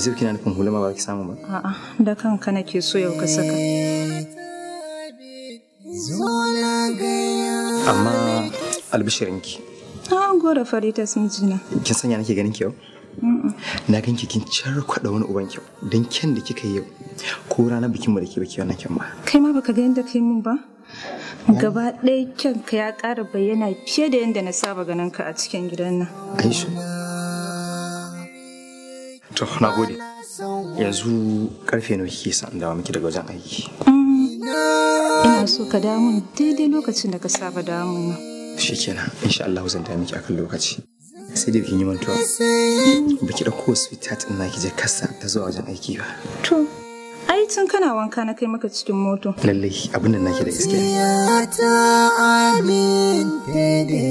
yanzu kina nufin hulama ba ki samu ba a'a da kanka nake so yau ka saka amma albishirinki na gode farita sun jina kin sanya nake ganin ki yau na ganki kin charkwada wani uban kyau don kyan da kika yi yau ko ranar bikinmu da ke baki wannan kyan ba kai ma baka ga yadda kai mun ba gaba ɗaya kyanka ya ƙara bayyana fiye da yadda na saba ganin ka a cikin gidan nan aisha To, na gode. Yanzu karfe nawa kike san dawo miki daga wajen aiki? Mm, ina so ka dawo mun daidai lokacin da ka saba dawo mun. Shikenan, insha Allah zan dawo miki akan lokaci. Sai dai kin yi mantuwa. Mm. Ba ki dauko sweetheart din naki je kasa ta zuwa wajen aiki ba. To, ai tun kana wanka na kai maka cikin moto. Lallai abin da naki da gaske. Ya ta amin da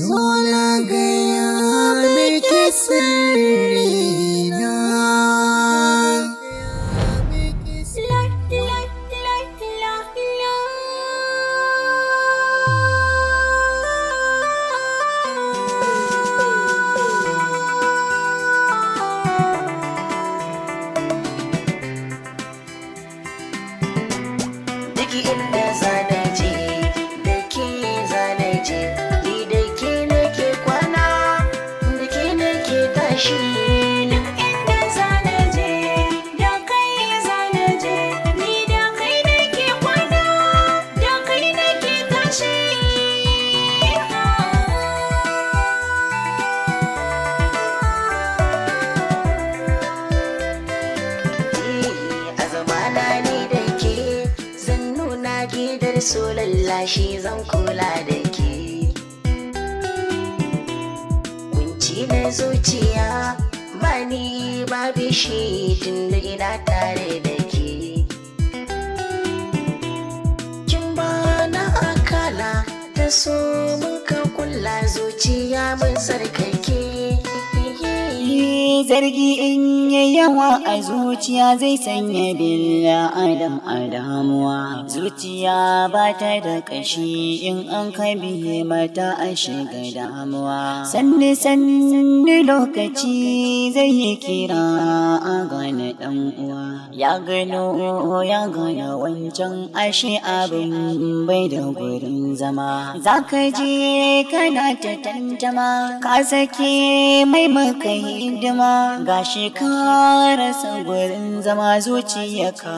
सोना गया बेटे से zargi in yayi yawa a zuwa zuciya zai sanya billa adam a damuwa zuciya ba ta da ƙashi in an kabiye mata a shiga damuwa sanni sanni lokaci zai yi kira a gane dan uwa ya gano ya gane wancan ashe abin bai da gurin zama za ka je kana ta tantama ka sake mai maka hidima gashi ka rasa garin zama zuciya ka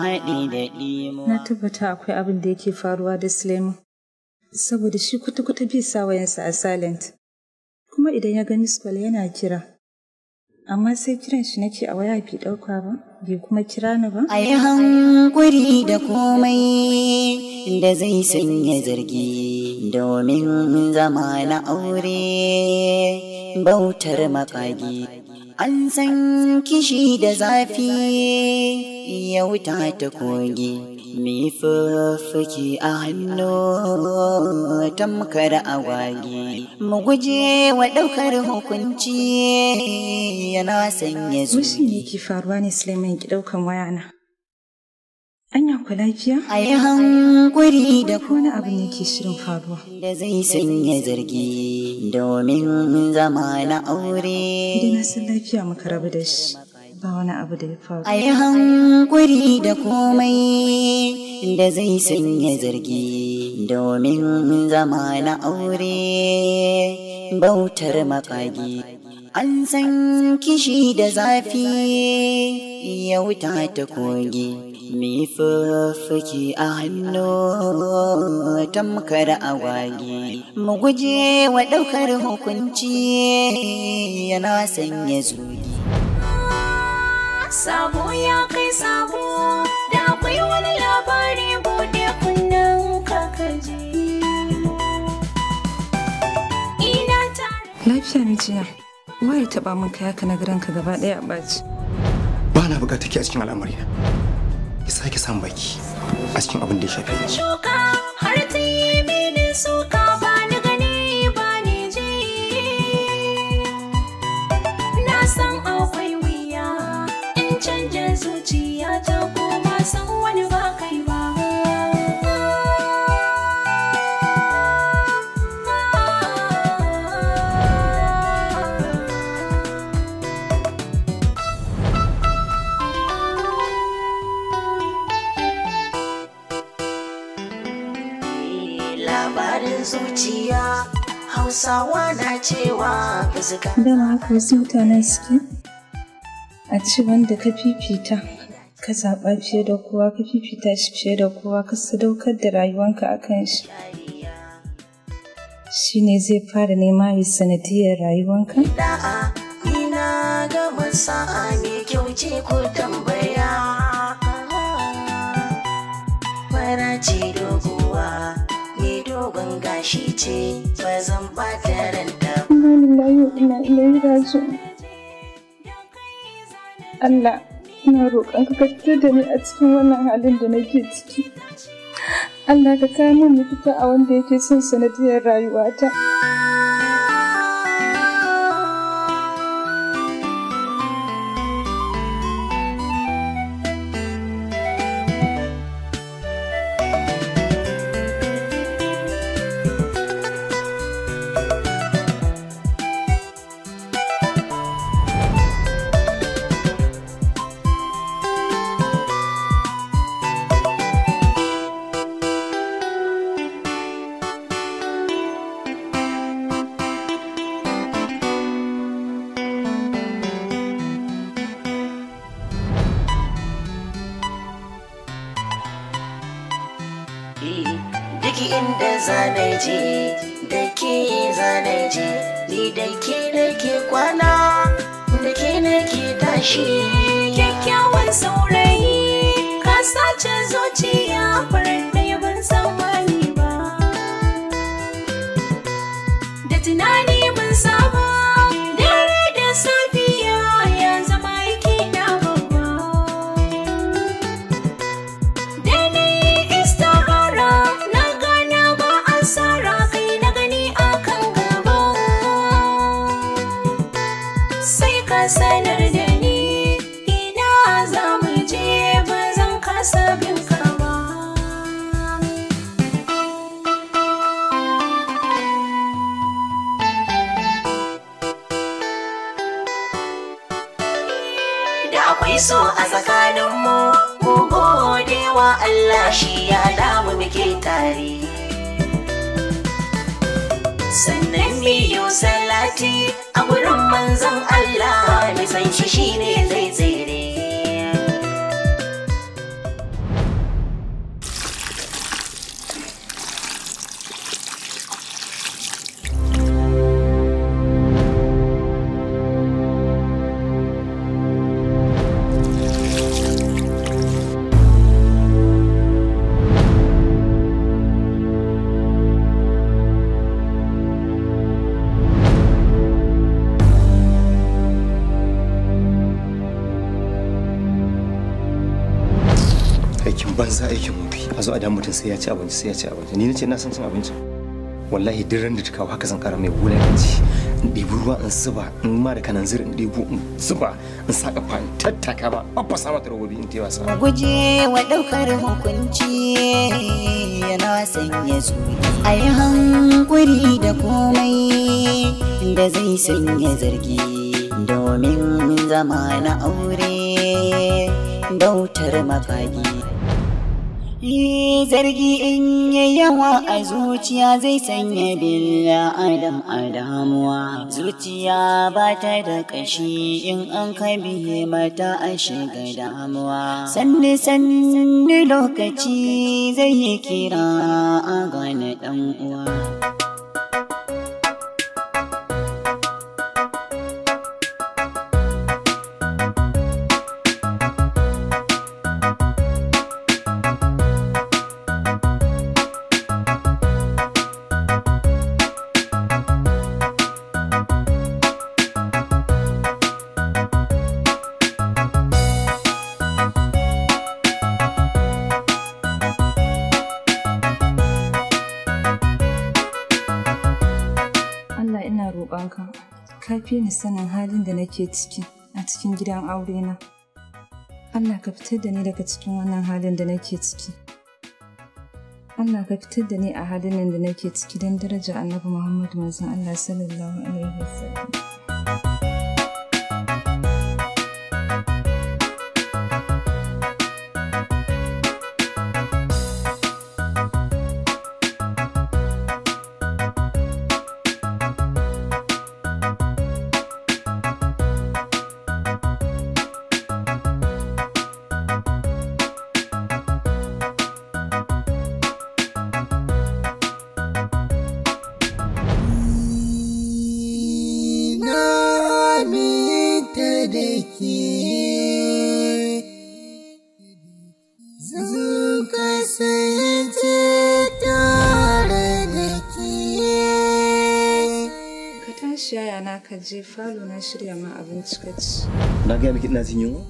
haɗi da ɗimo. Na tabbata akwai abin da yake faruwa da Suleiman. Saboda shi kuta-kuta bi sa wayansa a silent. Kuma idan ya gani Skwal yana kira. Amma sai kiran shi nake a waya bai ɗauka ba, bi kuma kira ni ba. A yi hankuri da komai da zai sanya zargi domin zama na aure bautar makagi. an san kishi da zafi ya wuta ta kogi mai a hannu tamkar agwagi mu guje wa ɗaukar hukunci yana sanya zuwa. ne ke faruwa ne Suleiman ki ɗaukan wayana. Anya ku lafiya? A yi hankuri da ku. Wani abu ne ke shirin faruwa. Da zai sanya zargi domin zama na aure. Idan na san lafiya muka rabu da shi. Ba wani abu da ya faru. A yi hankuri da komai da zai sanya zargi domin zama na aure. Bautar makagi. An san kishi da zafi yau ta ta kogi. Me a hannu tamkar agwagi, mu guje wa ɗaukar hukunci yana sanya zuri Sabo ya kai sabo, da akwai wani labari bude kunnen kakaji. Ina tare. Lafiya mijiya, wai taɓa min kaya ka na ka gaba daya a ɓaci. Ba na bukatar ki a cikin al'amarina. ki sake san baki a cikin abin da ya shafe ni. Shuka har ta yi mini suka. dama haka wasu mutanen suke a ce wanda ka fifita ka zaɓa fiye da kowa ka fifita shi fiye da kowa ka sadaukar da rayuwanka a kan shi shi ne zai fara nema yi sanadiyar rayuwanka sa'a ce ko tambaya doguwa dogon gashi ce ba zan ɓata ranta layi ina ilaihi Allah ina roƙon ka ka da ni a cikin wannan halin da nake ciki Allah ka kawo min fita a wanda yake son sanadiyar rayuwata. banza aikin wofi a zo a damu mutum sai ya ci abinci sai ya ci abinci ni nace na san cin abinci wallahi duk ran da ta kawo haka zan kara mai wulakanci in ɗibi ruwa in zuba in ma da kanan zir in ɗibo in zuba in sa kafa in tattaka ba abba sa mata robobi in taiwa sa guje wa ɗaukar hukunci yana sanya zuwa a yi hankuri da komai da zai sanya zargi domin zama na aure bautar mafagi zargi in yi yawa a zuciya zai sanya billa adam a damuwa zuciya ba ta da kashi in an kabiye mata a shiga damuwa sanni sanni lokaci zai yi kira a gane dan uwa ni sanin halin da nake ciki a cikin gidan aurena. Allah ka fitar da ni daga cikin wannan halin da nake ciki. Allah ka fitar da ni a halin nan da nake ciki don daraja annabi Muhammad manzon Allah sallallahu alaihi wasallam. je falo na shirya ma abinci ka Na gaya miki ina jin yunwa?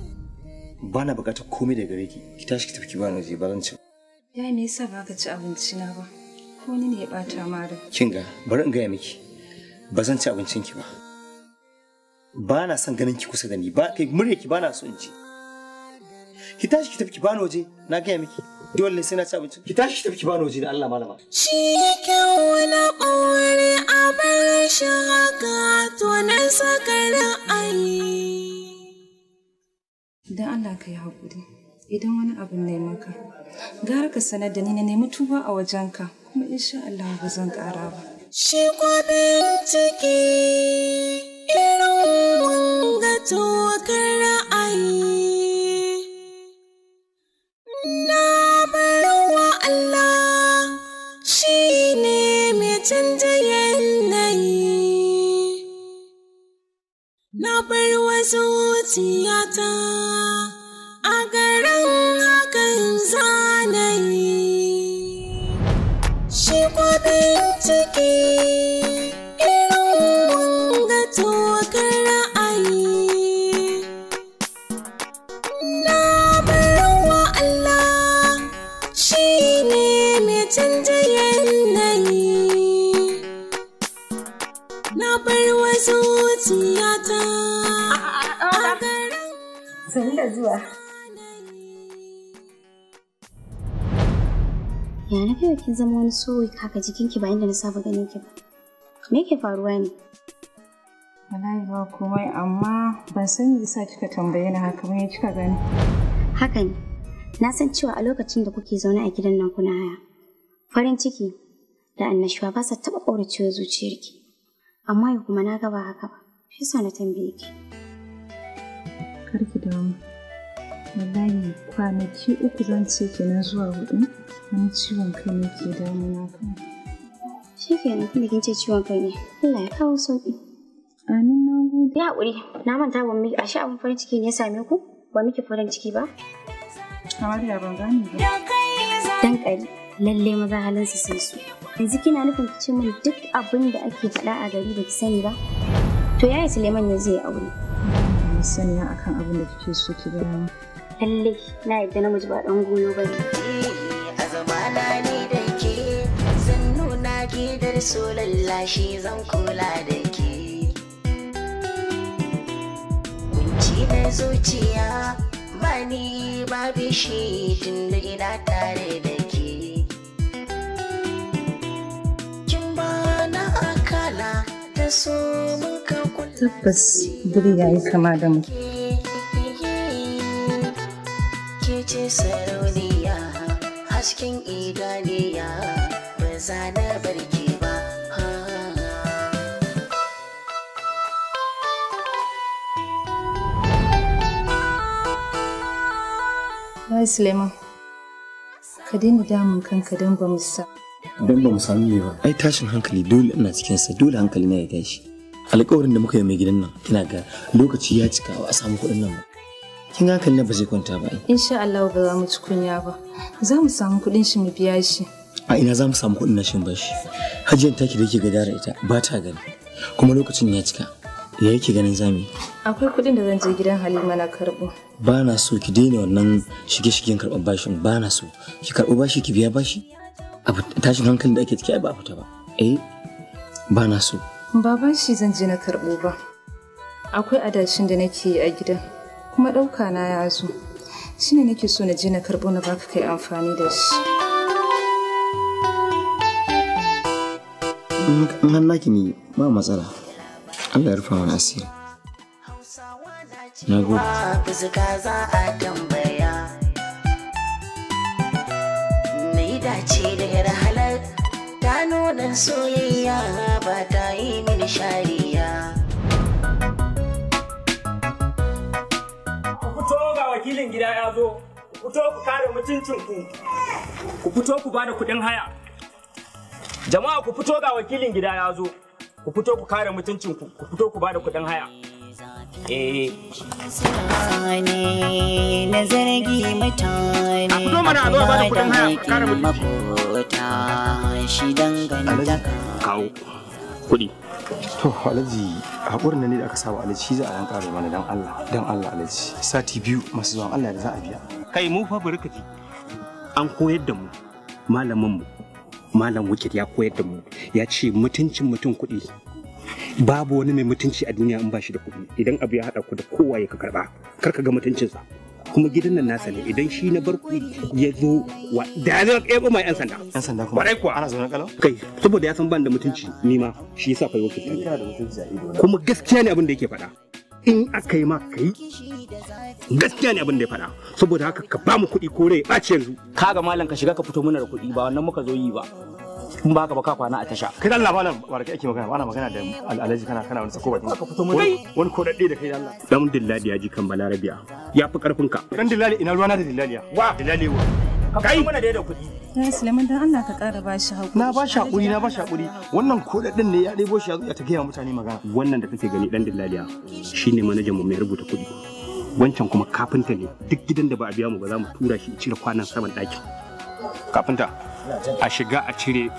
Ba na bukata komai daga gare ki. Ki tashi ki tafi ki bani waje ba Ya me yasa ba ka ci abinci na ba? Ko ni ne ya bata ma da Kin ga bari in gaya miki. Ba zan ci abincin ki ba. Ba na son ganin ki kusa da ni. Ba kai murya ki ba na son in ci. Ki tashi ki tafi ki bani waje. Na gaya miki. Dole sai na ci abincin. Ki tashi ki tafi ki bani waje da Allah malama. Shi yake wani ƙarshen to nan Idan Allah ka yi haƙuri, idan wani abin ne maka, gara ka sanar da ni na nemi tuba a wajenka kuma insha Allah ba zan ƙara ba. Shi kwaɗin ciki irin wanga ga kara bar wasu tiyata a garin hakan Malam. Sun Ya na kin zama wani soyi kaka jikinki ba inda na saba ganin ki ba. Me yake faruwa ne? Wallahi ba komai amma ban san me yasa kika tambaye ni haka me kika gani. Haka ne. Na san cewa a lokacin da kuke zaune a gidan nan kuna haya. Farin ciki da annashuwa ba sa taɓa ƙauracewa zuciyarki. Amma yau kuma na gaba haka ba. Shi sa na tambaye ki. karki damu wallahi kwanaki uku zan ce kenan zuwa hudu wani ciwon kai ne ke na kan shi kenan da kin ce ciwon kai ne Allah ya kawo sauki amin na gode ya hakuri na manta ban miki ashe abin farin ciki ne ya same ku ba miki farin ciki ba kamar ya ban gani ba dan kai lalle maza halinsu sai su yanzu kina nufin ki ce min duk abin da ake faɗa a gari da ki sani ba to yaya Suleiman yanzu ya aure masaniya akan abin da kike so ki gaya mu lalle na yadda namiji ba ɗan goyo ba ne azamana ne da ke zan nuna gidar so lallashi zan kula da ke kunci na zuciya ba ni ba bishi tun da ina tare da ke kin ba na akala da so mun tabbas guri ya yi kama da mu. Kece Suleiman, ka daina damun kanka don ba mu sa. Don ba mu sami ne ba. Ai tashin hankali dole ina cikinsa dole hankali na ya tashi. alƙawarin da muka yi mai gidan nan ina ga lokaci ya cika a samu kuɗin nan kin ga kan ba zai kwanta ba insha Allah ba za mu ci kunya ba za mu samu kuɗin shi mu biya shi a ina za mu samu kuɗin nashin bashi hajiyar taki da yake gadara ita ba ta gani kuma lokacin ya cika ya yake ganin zami akwai kuɗin da zan je gidan halima na karɓo ba na so ki daina wannan shige-shigen karɓar bashin ba na so ki karɓo bashi ki biya bashi a tashin hankali da ake ciki ba a fita ba eh ba na so ba bashi zan je na karɓo ba akwai adashin da nake yi a gida kuma ɗauka na ya zo shine nake so na je na karɓo na baka kai amfani da shi in hannaki ne ba matsala Allah ya rufa mana asiri na gode Auren soyayya ba ta yi mini shariya. Ku fito ga wakilin gida ya zo, ku fito ku kare mutuncinku, ku fito ku bada kuɗin haya. Jama'a ku fito ga wakilin gida ya zo, ku fito ku kare mutuncinku, ku fito ku bada kuɗin haya. eh na zargi mutane a fito mana a zo ba da kudin haya kawo kudi to alhaji haƙurin ne da aka saba alhaji shi za a yanka da mana dan Allah dan Allah alhaji sati biyu masu zuwan Allah da za a biya kai mu fa burkaji an koyar da mu malamin mu malam wikit ya koyar da mu ya ce mutuncin mutum kuɗi babu wani mai mutunci a duniya in ba shi da kuɗi idan abu ya haɗa ku da kowa ya ka karɓa kar ka ga mutuncinsa kuma gidan nan nasa ne idan shi na barku ya zo wa da ya zama ɗaya mai 'yan sanda. 'yan sanda kuma ba kuwa ana zaune kalau kai saboda ya san ban da mutunci ni ma shi yasa kai wakilta ne kuma gaskiya ne abin da yake faɗa in aka yi ma kai gaskiya ne abin da ya faɗa saboda haka ka ba mu kuɗi ko rai ɓace yanzu kaga malam ka shiga ka fito mana da kuɗi ba wannan muka zo yi ba in ba ka ba ka kwana a tasha kai Allah ba nan ake magana ba na magana da alalaji kana kana wani sako bakin ka fito wani ko dadde da kai Allah dan dillali ya ji kan balarabiya ya fi karfin ka dan dillali ina ruwana da ya wa dillali wa kai mana da kuɗi Ya eh, Sulaiman dan Allah ka ƙara ba shi hakuri. Na ba shi hakuri, na ba shi hakuri. wannan kuɗaɗin ne ya ɗebo shi ya ta gaya mutane magana. Wannan da kake gani dan dillaliya shine manajan mu mai rubuta kuɗi. Wancan kuma kafinta ne duk gidan da ba a biya mu ba za mu tura shi cire kwanan saman ɗakin. Kafinta a shiga a cire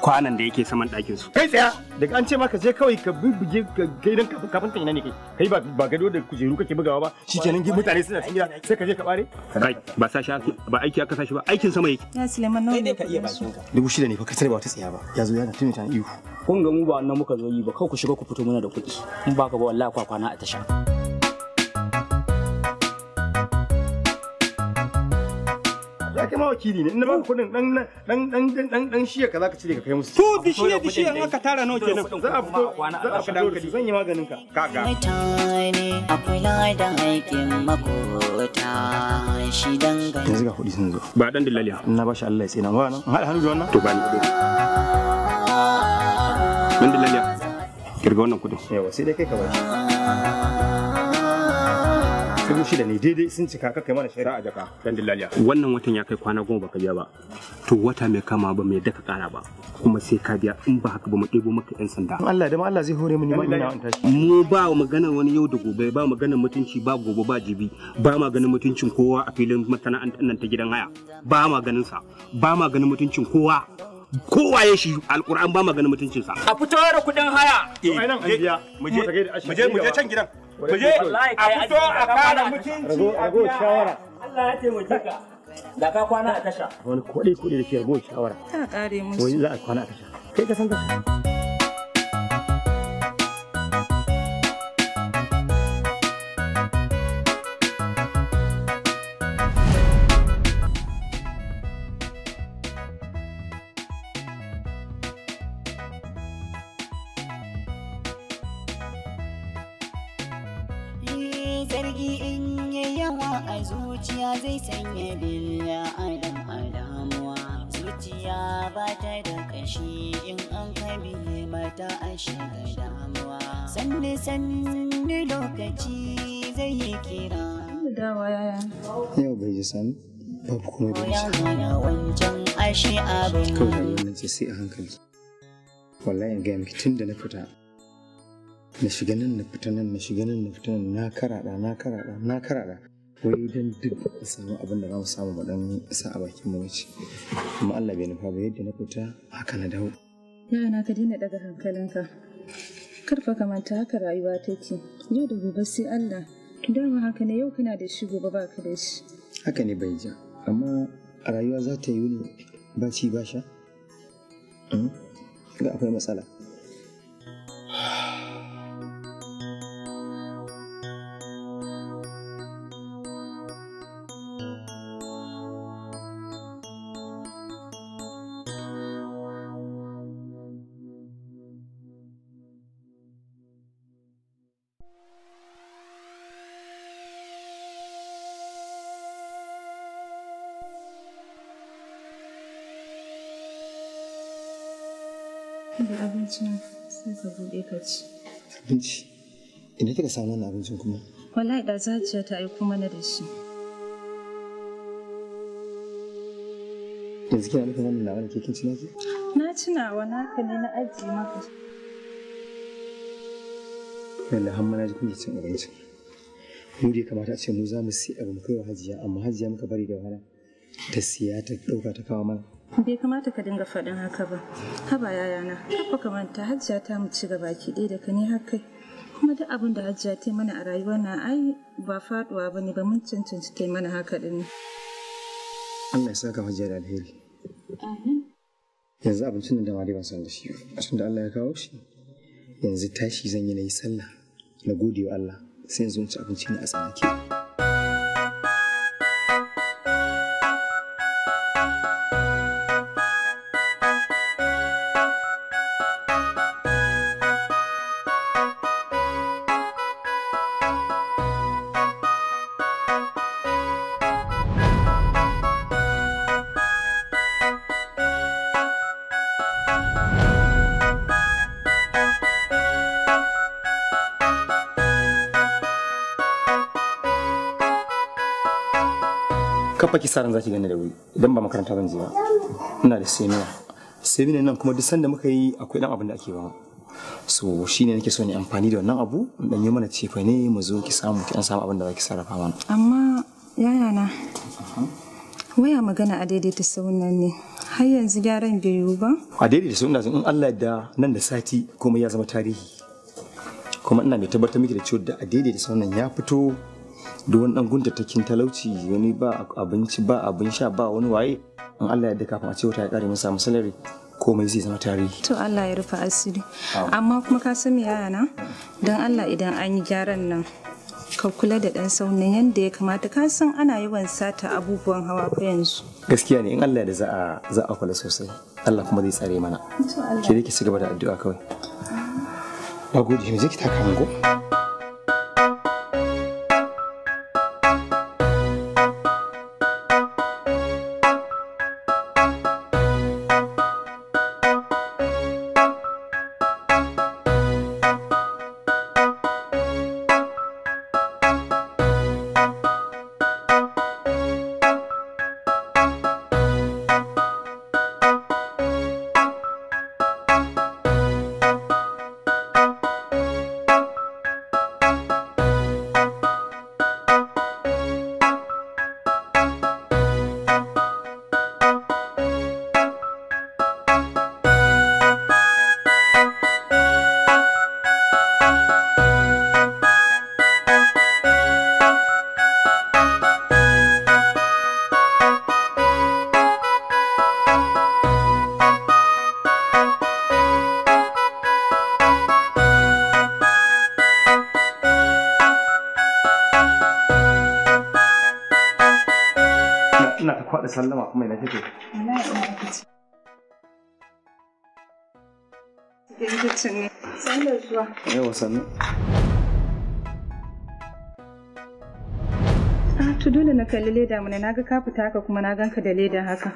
kwanan da yake saman ɗakin su. Kai tsaya daga an ce maka je kawai ka bubbuge gidan kafin ta ina ne kai kai ba ba gado da kujeru kake bugawa ba shikenan mutane suna cikin sai ka je ka bare. Kai ba sa shi ba aiki aka sa shi ba aikin sama yake. Ya Suleiman nawa ne ka iya bakin ka. Dubu shida ne fa ka tsare ba ta tsaya ba ya zo yana na tunita ihu. Kun ga mu ba wannan muka zo yi ba kawai ku shiga ku fito muna da kuɗi Mun ba ba wallahi kwa kwana a tasha. kai ma wakili ne ina ba kudin dan dan dan dan dan dan shiya kaza ka cire ka kai musu to dishiya dishiya an aka tara nawa kenan za a fito za a fito da zan yi maganin ka kaga akwai ladan aikin makota shi dan ga yanzu ga kudi sun zo ba dan dillaliya na ba shi Allah ya tsina ba nan hada hannu da wannan to ba ni kudi dan dillaliya kirga wannan kudin yawa sai dai kai ka bashi dubu shida ne daidai sun cika ka kai mana shari'a jaka dan dillaliya wannan watan ya kai kwana goma baka biya ba to wata mai kama ba mai daka kara ba kuma sai ka biya in ba haka ba mu ɗebo maka yan sanda Allah da Allah zai hore mu ni ma ina mu ba magana wani yau da gobe ba magana mutunci ba gobe ba jibi ba ma ganin mutuncin kowa a filin masana'antar nan ta gidan haya ba ma ganin sa ba ma ganin mutuncin kowa ya shi alkur'an ba mutuncin sa. a fito da kudin haya mu je can gidan mu je a fito a kara mutunci a biya shawara Allah ya taimake ka da ka kwana a tasha wani kuɗi kuɗi da ke ragowar shawara ta kare musu wani za a kwana a tasha kai ka san ta. sarki in yi yawa a zuciya zai sanya billa adam alamuwa zuciya ba ta da kashi in an kabi mata a shiga damuwa sanne sanne lokaci zai yi kira yau bai ji sani babu kuma da wancan ashe abin kawai sai a hankali wallahi in gaya miki tun da na fita na shiga nan na fita nan na shiga nan na fita nan na karaɗa na karaɗa na karaɗa wai don duk da samu abin da za mu samu mu dan sa a bakin mu wuce amma Allah bai nufa ba yadda na fita haka na dawo na ka daina daga hankalinka karfa kamanta haka rayuwa take yau da gobe sai Allah dama haka ne yau kana da shi gobe baka da shi haka ne bai ja amma a rayuwa za ta yi ne ba ci ba sha hmm? ga akwai matsala da abincin sai ka buɗe ka ci. Abinci? Ina kika samu wannan abincin kuma? Wallahi da zaciya ta aiko mana da shi. Yanzu kina nufin wannan nawa da ke kin cinaki? Na cinawa naka ne na aji maka. Lallai har mana jikin cin abinci. Mu dai kamata a ce mu za mu siya abu mu kai wa hajiya amma hajiya muka bari da wahala ta siya ta ɗauka ta kawo mana. bai kamata ka dinga faɗin haka ba haba yayana kafa ka manta hajjiya ta mu ci gaba ki ɗaya da ka ne har kai kuma duk abin da hajjiya ta mana a rayuwar na ai ba faɗuwa ba ne ba mun cancanci ta mana haka ɗin ne. Allah ya saka hajjiya da alheri. Yanzu abincin da mari ban san da shi ba da Allah ya kawo shi yanzu tashi zan yi na yi sallah na gode wa Allah sai yanzu ci abinci ne a tsanake. fa ki sa ran zaki gane da wuri idan ba makaranta zan je ba ina da seminar seminar nan kuma duk sanda muka yi akwai dan abin da ake ba so shine nake so ne amfani da wannan abu dan yi mana cefa ne mu zo ki samu ki an samu abin da zaki sarrafa mana amma yaya na waya magana a daidaita saunan ne har yanzu gyaran bai yiwu ba a daidaita sunan in Allah da nan da sati komai ya zama tarihi kuma ina mai tabbatar miki da cewa da a daidaita sunan ya fito duk wani dan guntatakin talauci wani ba abinci ba abin sha ba wani waye in Allah ya kafin a ce wata ya kare mun samu salari komai zai zama tarihi to Allah ya rufa asiri amma kuma ka san me yana dan Allah idan an yi gyaran nan ka kula da dan saunin yanda ya kamata ka san ana yawan sata abubuwan hawa fa yanzu gaskiya ne in Allah da za a za a kula sosai Allah kuma zai tsare mana ke ki ci gaba da addu'a kawai nagode mu je ki taka mu sallama kuma ina kake. wallahi ina kike cikin kicin ne sallar zuwa yawa sannu ah, to dole na kalli leda mana naga ka fita haka kuma na ganka da leda haka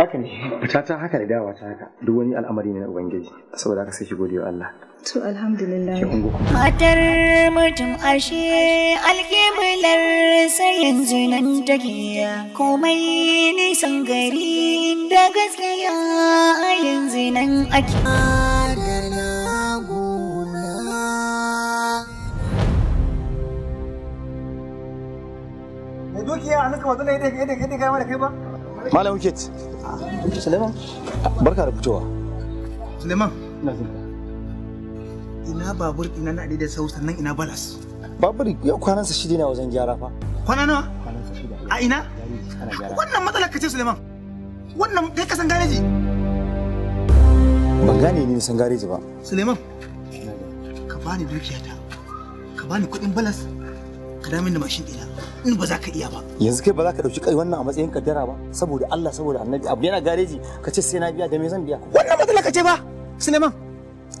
haka ne fita ta haka da dawa ta haka duk wani al'amari ne na ubangiji saboda haka sai ki gode wa Allah to alhamdulillah matar mutum ashe alkiblar sai yanzu nan ta giya. komai nisan gari da gaskiya a yanzu nan ake dukiya a nuka wata ne ya daga ya daga ya daga ya daga ya daga Malam Wicket. Suleiman. Barka da fitowa. Suleiman. Ina Ina babur ina na da sau sannan ina balas. Babur ya kwanansa shida na wajen gyara fa. Kwana nawa? Kwanansa shida. A ina? Wannan matsala kace Suleiman. Wannan kai ka san gareji. Ban gane ni san gareji ba. Suleiman. Ka bani dukiyata. Ka bani kuɗin balas. kira mini mashin ɗina in ba za ka iya ba yanzu kai ba za ka ɗauki kai wannan a matsayin kaddara ba saboda Allah saboda annabi abu yana gareji ka ce sai na biya da me zan biya wannan matsala ka ce ba Suleiman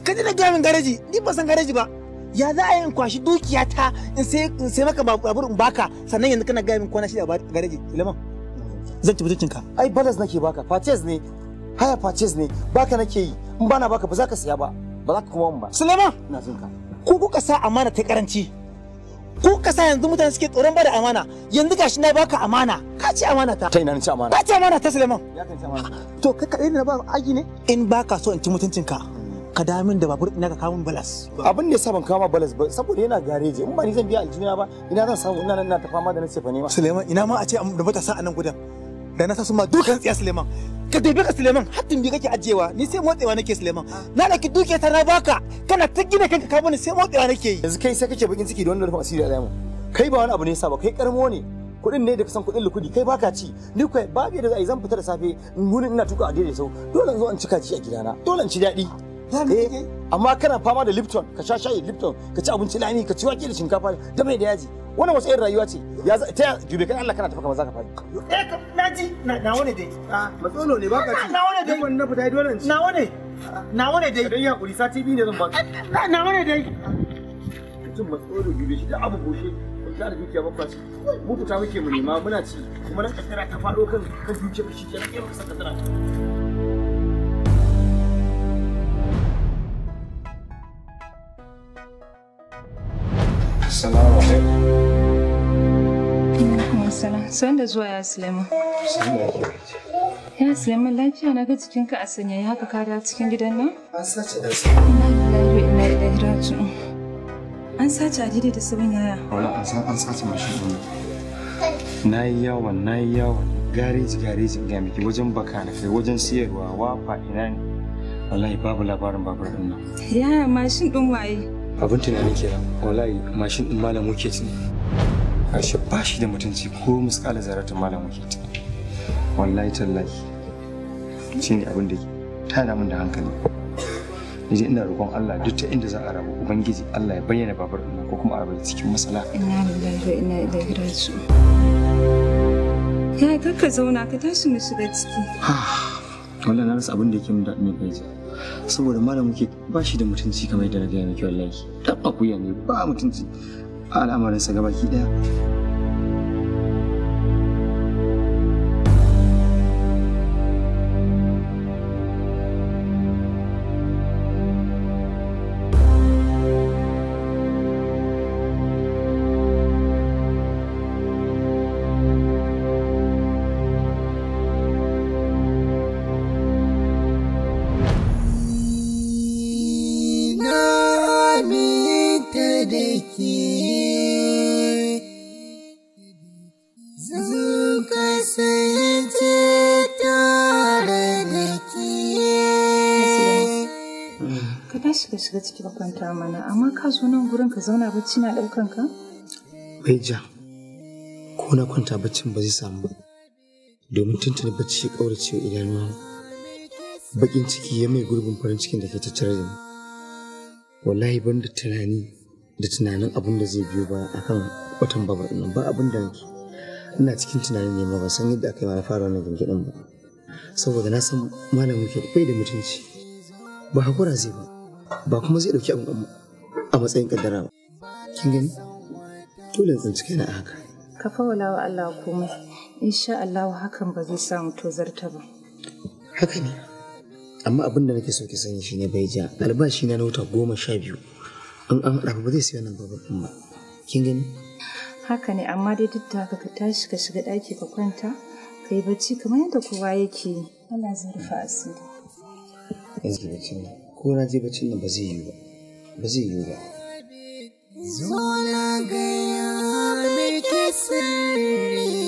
ka ji na gaya min gareji ni ba san gareji ba ya za a yi in kwashi dukiyata in sai maka babur in baka sannan yanzu kana gaya min kwana shida gareji Suleiman zan ci mutuncinka ai balas nake baka purchase ne haya purchase ne baka nake yi in bana baka ba za ka siya ba ba za ka kuma ba Suleiman na ka ku kuka sa amana ta karanci ko kasa yanzu mutane suke tsoron bada amana yanzu gashi na baka amana ka ci amana ta ta ina ni ci amana ka ci amana ta Suleiman ya kan ci amana to ka ni na ba aji ne in baka so in ci mutuncin ka ka da min da babur ina ka kawo min balas abin da yasa ban kawo balas ba saboda yana gareje in ba ni zan biya aljina ba ina zan samu ina nan na tafama da na sefa ne ma Suleiman ina ma a ce da matasa a nan gudan da na sa su ma dukan tsiya Suleiman ka dubi ka Suleiman haddin bi kake ajewa ni sai motsewa nake Suleiman na daki duke ta na baka kana ta gina kanka ka bani sai motsewa nake yi yanzu kai sai kake bakin ciki da wannan rufin asiri da kai ba wani abu ne sa kai karmo ne kuɗin ne da kusan kuɗin lukudi kai baka ci ni kai babu da zai zan fita da safe in ina tuka a da sau dole in zo in cika ji a gidana dole in ci daɗi eh amma kana fama da lipton ka sha shayi lipton ka ci abinci lami ka ci wake da shinkafa da mai da yaji wannan wasu irin rayuwa ce ya ta jube kan Allah kana tafi kamar zaka fadi eh na ji na wane dai a ah, matsolo ne baka ci na wane dai wannan fita dole ne na wane na wane dai dan yakuri sati biyu ne zan baka na wane dai mutum matsolo jube shi da abu ta da dukiya ba kwaci mu fita muke mu nema muna ci kuma nan kasara ta faɗo kan kan dukiya shi ke nan ke masa Assalamu alaikum. San da zuwa ya Suleiman. Ya Suleiman lafiya na ga jikinka a sanya ya haka kada cikin gidan nan? An sace da sabon. Ina da lafiya ina An sace a da sabon yaya. Wala an an sace mashin ɗin. Na yi yawon na yi yawon gareji gareji ga miki wajen baka na kai wajen siyarwa wafa ina ne. Wallahi babu labarin babur ɗin nan. Yaya mashin ɗin waye? abin tunanin kenan wallahi mashin din malam muke ci ne ashe ba shi da mutunci ko muskala zaratun malam muke ci wallahi tallahi shine abin da tana min da hankali je ina roƙon Allah duk ta inda za a rabu ubangiji Allah ya bayyana babar ɗin ko kuma a bai cikin masala ina da wa ina da raji'un ya ka zauna ka tashi mu shiga ciki ha wallahi na rasa abin da yake min daɗin kai saboda malam muke ba shi da mutunci kamar yadda na gaya miki wallahi dan akuya ne ba mutunci a al'amarinsa gabaki daya shiga ciki cikin kwanta mana amma ka zo nan gurin ka zauna bacci na ɗaukan ka? ja ko na kwanta baccin ba zai samu ba. Domin tuntuni bacci ya ƙaurace idanuwa. Bakin ciki ya mai gurbin farin cikin da ke tattare da ni. Wallahi ban da tunani da tunanin abin da zai biyo ba akan watan babar nan ba abin da nake. Ina cikin tunanin ne ma ba san yadda aka yi mana fara wannan gingiɗin ba. Saboda na san malamin ke da mutunci. Ba hakura zai ba. ba kuma zai ɗauki abin a matsayin kaddara ba kin gani dole tsinci kaina na haka ka fawala wa Allah komai insha Allah hakan ba zai samu tozarta ba haka ne amma abin da nake so ki sani shine bai ja albashi na wata goma sha biyu in an haɗa ba zai siya nan babban ba kin gani haka ne amma dai duk da haka ka tashi ka shiga ɗaki ka kwanta ka yi bacci kamar yadda kowa yake yi Allah zai rufa asiri yanzu bacci ne ko na je bacin nan ba zai yi ba ba zai yi ba zo na gaya mai